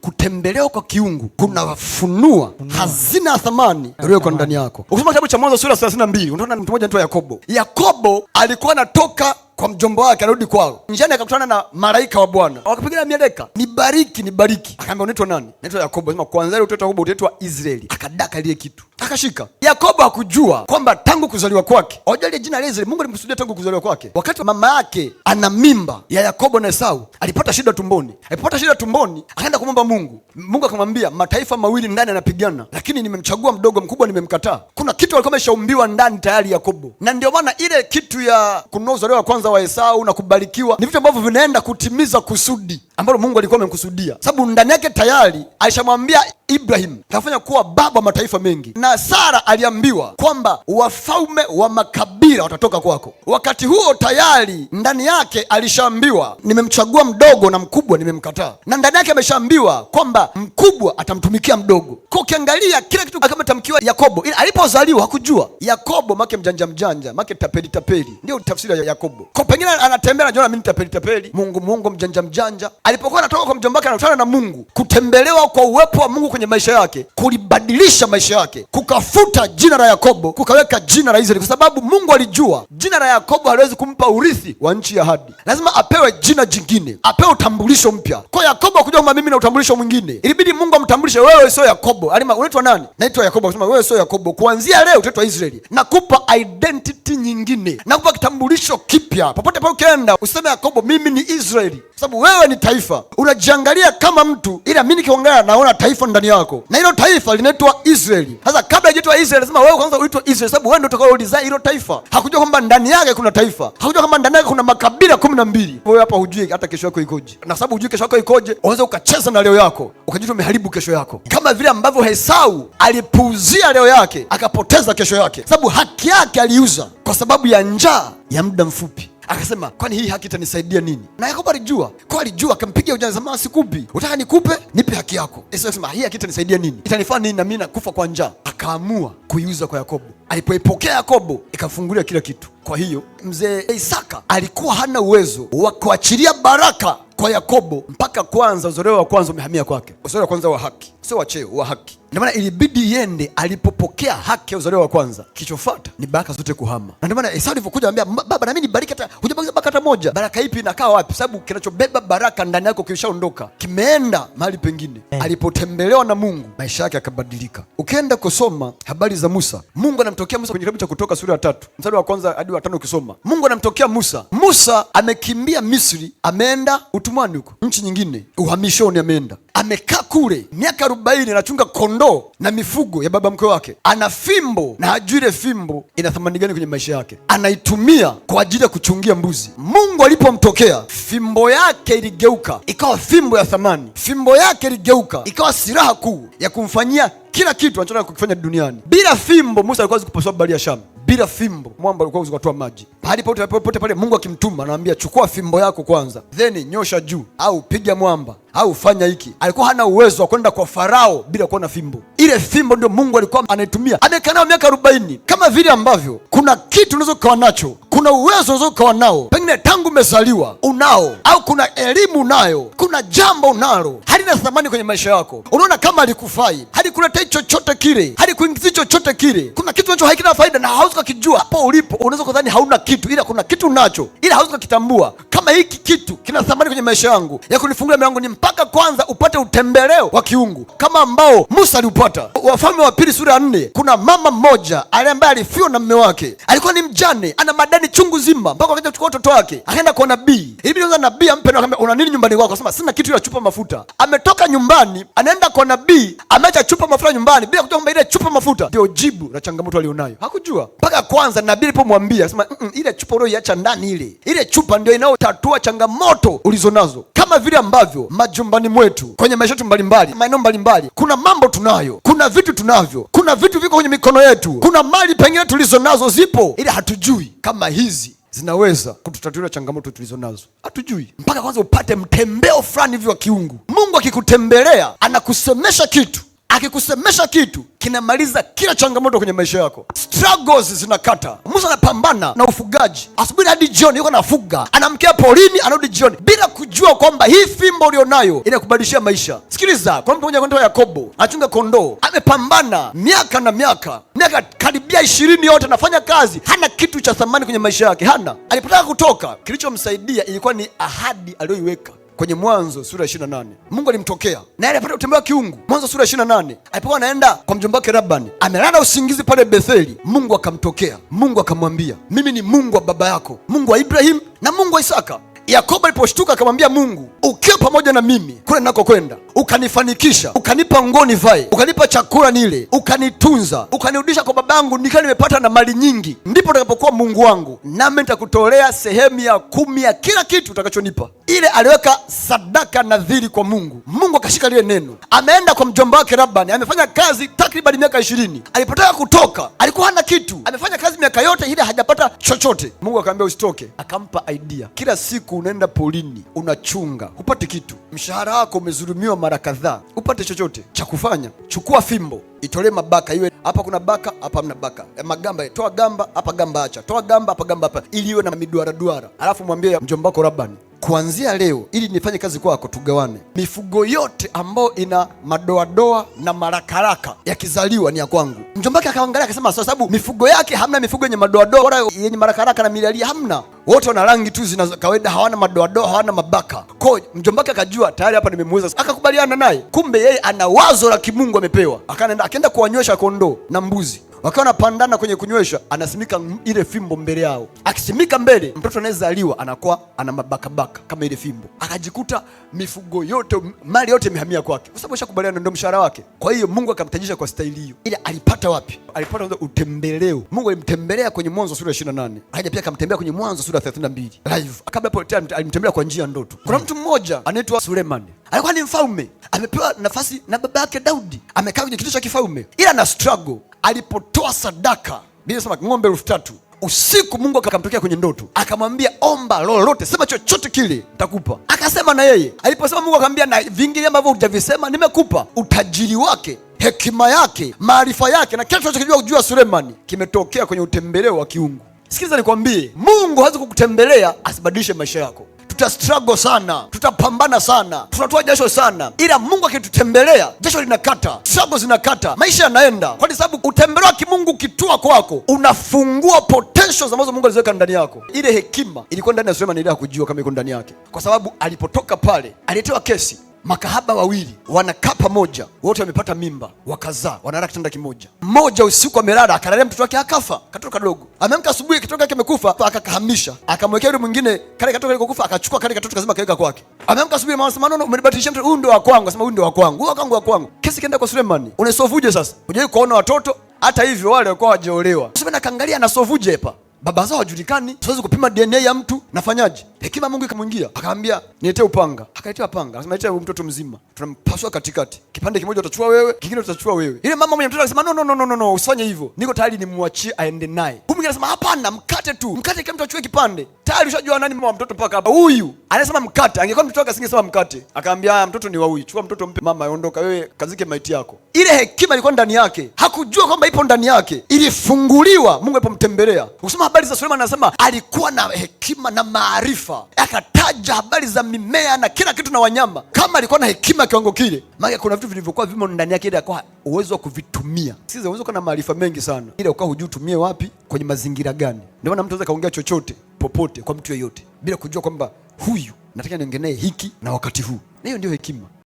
kutembelewa kwa kiungu kunafunua hazina ya thamani iliyoko ndani yako. Ukisoma kitabu cha Mwanzo sura 32 unaona mtu mmoja anaitwa Yakobo. Yakobo alikuwa anatoka kwa mjomba wake, anarudi kwao, njiani akakutana na malaika wa Bwana, wakapigana mieleka, nibariki, nibariki. Akaambia, unaitwa nani? Naitwa Yakobo. Sema, kwanza leo utaitwa Yakobo, utaitwa Israeli. Akadaka ile kitu akashika. Yakobo hakujua kwamba tangu kuzaliwa kwake, wajua jina Lezeri Mungu alimkusudia tangu kuzaliwa kwake. Wakati mama yake ana mimba ya Yakobo na Esau alipata shida tumboni, alipata shida tumboni, akaenda kumwomba Mungu. Mungu akamwambia, mataifa mawili ndani yanapigana, lakini nimemchagua mdogo, mkubwa nimemkataa. Kuna kitu alikuwa ameshaumbiwa ndani tayari Yakobo, na ndio maana ile kitu ya kununua uzaliwa wa kwanza wa Esau na kubarikiwa ni vitu ambavyo vinaenda kutimiza kusudi ambalo Mungu alikuwa amemkusudia, sababu ndani yake tayari alishamwambia Ibrahim tafanya kuwa baba wa mataifa mengi, na Sara aliambiwa kwamba wafalme wa makabila mpira watatoka kwako. Wakati huo tayari ndani yake alishaambiwa, nimemchagua mdogo na mkubwa nimemkataa, na ndani yake ameshaambiwa kwamba mkubwa atamtumikia mdogo. Kwa ukiangalia kila kitu kama tamkiwa Yakobo, ila alipozaliwa hakujua Yakobo, make mjanja mjanja, make tapeli tapeli, ndio tafsiri ya Yakobo. Kwa pengine anatembea anajiona mimi tapeli tapeli, Mungu Mungu mjanja mjanja. Alipokuwa anatoka kwa mjomba wake anakutana na Mungu, kutembelewa kwa uwepo wa Mungu kwenye maisha yake kulibadilisha maisha yake, kukafuta jina la Yakobo kukaweka jina la Israeli kwa sababu Mungu alijua jina la Yakobo haliwezi kumpa urithi wa nchi ya ahadi, lazima apewe jina jingine, apewe utambulisho mpya. Kwa Yakobo hakujua kwamba mimi na utambulisho mwingine, ilibidi Mungu amtambulishe, wewe sio Yakobo. Alima, unaitwa nani? Naitwa Yakobo. Akasema, wewe sio Yakobo, kuanzia leo utaitwa Israeli. Nakupa identity nyingine, nakupa kitambulisho kipya. Popote pale ukienda useme Yakobo, mimi ni Israeli, kwa sababu wewe ni taifa. Unajiangalia kama mtu, ila mimi nikiongea naona taifa ndani yako, na hilo taifa linaitwa Israeli. Sasa anajiitwa Israeli, lazima wewe kwanza uitwe Israeli sababu wewe ndio utakao design hilo taifa. Hakujua kwamba ndani yake kuna taifa, hakujua kwamba ndani yake kuna makabila kumi na mbili. Wewe hapa hujui hata kesho yako ikoje, na sababu hujui kesho yako ikoje, unaweza ukacheza na leo yako ukajitwa umeharibu kesho yako, kama vile ambavyo hesau alipuuzia leo yake akapoteza kesho yake, sababu haki yake aliuza kwa sababu ya njaa ya muda mfupi akasema kwani hii haki itanisaidia nini? Na Yakobo alijua kwa alijua, akampiga ujana zamaa, sikupi, utaka nikupe, nipe haki yako. Esau akasema hii haki itanisaidia nini? itanifaa nini na mimi nakufa kwa njaa? Akaamua kuiuza kwa Yakobo. Alipoipokea Yakobo ikafungulia kila kitu. Kwa hiyo mzee Isaka alikuwa hana uwezo wa kuachilia baraka kwa Yakobo mpaka kwanza uzoleo wa kwanza umehamia kwake, uzoleo wa kwanza wa haki, sio wa cheo, wa haki. Ndio maana ilibidi iende, alipopokea haki ya uzoleo wa kwanza, kichofuata ni baraka zote kuhama. Na ndio maana Esau alivyokuja anambia baba, na mimi nibariki, hata hujabaki baraka hata moja. Baraka ipi inakaa wapi? Sababu kinachobeba baraka ndani yako kishaondoka, kimeenda mahali pengine. Hey, eh. Alipotembelewa na Mungu, maisha yake yakabadilika. Ukienda kusoma habari za Musa, Mungu anamtokea Musa kwenye kitabu cha Kutoka sura ya tatu mstari wa kwanza hadi wa tano ukisoma Mungu anamtokea Musa. Musa amekimbia Misri, ameenda utu utumwani huko nchi nyingine, uhamishoni ameenda, amekaa kule miaka arobaini, anachunga kondoo na mifugo ya baba mkwe wake. Ana fimbo na hajui ile fimbo ina thamani gani kwenye maisha yake, anaitumia kwa ajili ya kuchungia mbuzi. Mungu alipomtokea fimbo yake iligeuka ikawa fimbo ya thamani, fimbo yake iligeuka ikawa silaha kuu ya kumfanyia kila kitu anachotaka kukifanya duniani. Bila fimbo, Musa alikuwa kuposwa bahari ya Shamu bila fimbo mwamba ulikuwa ukatoa maji. Pahali pote pale Mungu akimtuma anamwambia chukua fimbo yako kwanza, then nyosha juu, au piga mwamba, au fanya hiki. Alikuwa hana uwezo wa kwenda kwa Farao bila kuwa na fimbo. Ile fimbo ndio Mungu alikuwa anaitumia. Amekaa nayo miaka arobaini. Kama vile ambavyo kuna kitu unaweza ukawa nacho kuna uwezo uzokawa nao, pengine tangu umezaliwa unao, au kuna elimu unayo, kuna jambo unalo halina thamani kwenye maisha yako, unaona kama halikufai, halikuletea chochote kile, halikuingizi chochote kile. Kuna kitu nacho hakina faida na hauwezi kukijua. Hapo ulipo unaweza kudhani hauna kitu, ila kuna kitu unacho, ila hauwezi kukitambua kama hiki kitu kina thamani kwenye maisha yangu ya kunifungulia milango, ni mpaka kwanza upate utembeleo wa kiungu kama ambao Musa aliupata. Wafalme wa Pili sura ya nne, kuna mama mmoja ale ambaye alifiwa na mme wake, alikuwa ni mjane, ana madeni chungu zima mpaka akaja kuchukua watoto wake, akaenda kwa nabii. Hivi sasa nabii ampe na una nini nyumbani kwako? Akasema sina kitu ila chupa mafuta. Ametoka nyumbani anaenda kwa nabii, ameacha chupa mafuta nyumbani bila kujua kwamba ile chupa mafuta ndio jibu la changamoto alionayo. Hakujua mpaka kwanza nabii alipomwambia sema mm -mm, ile chupa ulioiacha ndani, ile ile chupa ndio inayotatua changamoto ulizonazo kama vile ambavyo majumbani mwetu, kwenye maisha yetu mbalimbali, maeneo mbalimbali, kuna mambo tunayo, kuna vitu tunavyo, kuna vitu viko kwenye mikono yetu, kuna mali pengine tulizo nazo zipo, ila hatujui kama hizi zinaweza kututatulia changamoto tulizo nazo. Hatujui mpaka kwanza upate mtembeo fulani hivi wa kiungu. Mungu akikutembelea anakusemesha kitu akikusemesha kitu kinamaliza kila changamoto kwenye maisha yako, struggles zinakata. Musa anapambana na ufugaji asubuhi hadi jioni, yuko anafuga, anamkia porini, anarudi jioni, bila kujua kwamba hii fimbo ulionayo inakubadilishia maisha. Sikiliza, kwa mtu mmoja kwa Yakobo, anachunga kondoo, amepambana miaka na miaka, miaka karibia ishirini, yote anafanya kazi, hana kitu cha thamani kwenye maisha yake, hana. Alipotaka kutoka, kilichomsaidia ilikuwa ni ahadi aliyoiweka kwenye Mwanzo sura ya ishirini na nane Mungu alimtokea naye alipata kutembea kiungu. Mwanzo sura ya ishirini na nane alipokuwa anaenda kwa mjomba wake Labani, amelala usingizi pale Betheli, Mungu akamtokea. Mungu akamwambia, mimi ni Mungu wa baba yako, Mungu wa Ibrahimu na Mungu wa Isaka. Yakobo aliposhtuka akamwambia Mungu, ukiwa pamoja na mimi kule ninakokwenda, ukanifanikisha, ukanipa nguo nivae, ukanipa chakula nile, ukanitunza, ukanirudisha kwa babangu nikiwa nimepata na mali nyingi, ndipo utakapokuwa Mungu wangu, nami nitakutolea sehemu ya kumi ya kila kitu utakachonipa. Ile aliweka sadaka nadhiri kwa Mungu. Mungu akashika lile neno, ameenda kwa mjomba wake Labani, amefanya kazi takribani miaka ishirini. Alipotaka kutoka alikuwa hana kitu, amefanya kazi miaka yote ile hajapata chochote. Mungu akamwambia usitoke, akampa idea kila siku unaenda polini, unachunga, hupati kitu, mshahara wako umezulumiwa mara kadhaa, upate chochote cha kufanya, chukua fimbo itolee mabaka, iwe hapa kuna baka, hapa mna baka, eh, magamba, toa gamba hapa, gamba acha, toa gamba hapa, gamba hapa, ili iwe na miduara duara, alafu mwambie mjombako Rabani, kuanzia leo, ili nifanye kazi kwako, tugawane mifugo yote ambayo ina madoadoa na marakaraka yakizaliwa ni ya kwangu. mjombake akaangalia akasema, kwa sababu mifugo yake hamna mifugo yenye madoadoa wala yenye marakaraka na milalia, hamna, wote wana rangi tu zinazo kawaida, hawana madoadoa, hawana mabaka. Kwa hiyo wake akajua tayari hapa nimemuuza, akakubaliana naye. Kumbe yeye ana wazo la kimungu amepewa. Akaenda akaenda kuwanywesha kondoo na mbuzi wakiwa wanapandana kwenye kunywesha, anasimika ile fimbo mbele yao. Akisimika mbele, mtoto anayezaliwa anakuwa ana mabakabaka kama ile fimbo, akajikuta mifugo yote, mali yote imehamia kwake, kwa sababu ashakubaliana, ndio mshahara wake. Kwa hiyo Mungu akamtajisha kwa staili hiyo. Ile alipata wapi? Alipata utembeleo. Mungu alimtembelea kwenye Mwanzo sura 28, akaja pia akamtembelea kwenye Mwanzo sura 32 live. Kabla hapo alimtembelea kwa njia ndoto. Kuna mtu mmoja anaitwa Sulemani alikuwa ni mfalme, amepewa nafasi na baba yake Daudi, amekaa kwenye kiti cha kifalme, ila ana struggle alipotoa sadaka, Biblia ng'ombe elfu tatu usiku Mungu akamtokea kwenye ndoto akamwambia, omba lolote, sema chochote kile nitakupa. Akasema na yeye. Aliposema Mungu akamwambia, na vingine ambavyo hujavisema nimekupa. Utajiri wake, hekima yake, maarifa yake na kila tunachokijua juu ya Sulemani kimetokea kwenye utembeleo wa kiungu. Sikiliza nikwambie, Mungu hawezi kukutembelea asibadilishe maisha yako tuta struggle sana, tutapambana sana, tunatoa jasho sana, ila Mungu akitutembelea jasho linakata, struggle zinakata, maisha yanaenda, kwa sababu utembelewa wa kimungu ukitua kwako unafungua potentials ambazo Mungu aliziweka ndani yako. Ile hekima ilikuwa ndani ya Sulemani, ile hakujua kama iko ndani yake, kwa sababu alipotoka pale aliletewa kesi makahaba wawili wanakaa pamoja, wote wamepata mimba, wakazaa, wanalala kitanda kimoja. Mmoja usiku amelala, akalalia mtoto wake akafa, katoto kadogo. Ameamka asubuhi, katoto kake amekufa, akakahamisha, akamwekea yule mwingine kale katoto kalikokufa, akachukua kale katoto kazima, kaweka kwake. Ameamka asubuhi, mama sema, nono, umenibadilishia mtoto huyu, ndio wa kwangu. Asema, huyu ndio wa kwangu, wa kwangu, wa kwangu. Kesi kaenda kwa Sulemani, unaisovuje sasa, hujai kuona watoto hata hivyo wale walikuwa wajaolewa. Sulemani akaangalia, anasovuje hapa baba zao hajulikani, siwezi kupima DNA ya mtu, nafanyaje? Hekima Mungu ikamwingia akaambia, niletee upanga. Akaletea upanga, akasema letea mtoto mzima, tunampasua katikati, kipande kimoja utachua wewe, kingine utachua wewe. Ile mama mwenye mtoto akasema no, no, no, no, no, usifanye hivyo, niko tayari nimwachie aende naye. Huyu mwingine anasema hapana mkate tu, mkate kama mtu achukue kipande, tayari ushajua nani mama mtoto. Mpaka hapa huyu anasema mkate, angekuwa mtoto wake asingesema mkate, akaambia ah, mtoto ni wa huyu, chukua mtoto mpe mama, aondoka wewe, kazike maiti yako. Ile hekima ilikuwa ndani yake, hakujua kwamba ipo ndani yake, ilifunguliwa Mungu alipomtembelea. Ukisoma habari za Sulemani, anasema alikuwa na hekima na maarifa, akataja habari za mimea na kila kitu na wanyama. Kama alikuwa na hekima kiwango kile, maana kuna vitu vilivyokuwa vimo ndani yake, ile akawa uwezo wa kuvitumia. Sisi uwezo kuna maarifa mengi sana, ile ukao hujui utumie wapi, kwenye mazingira gani. Ndio maana mtu anaweza kaongea chochote popote kwa mtu yeyote bila kujua kwamba huyu nataka niongelee hiki na wakati huu, na hiyo ndio hekima.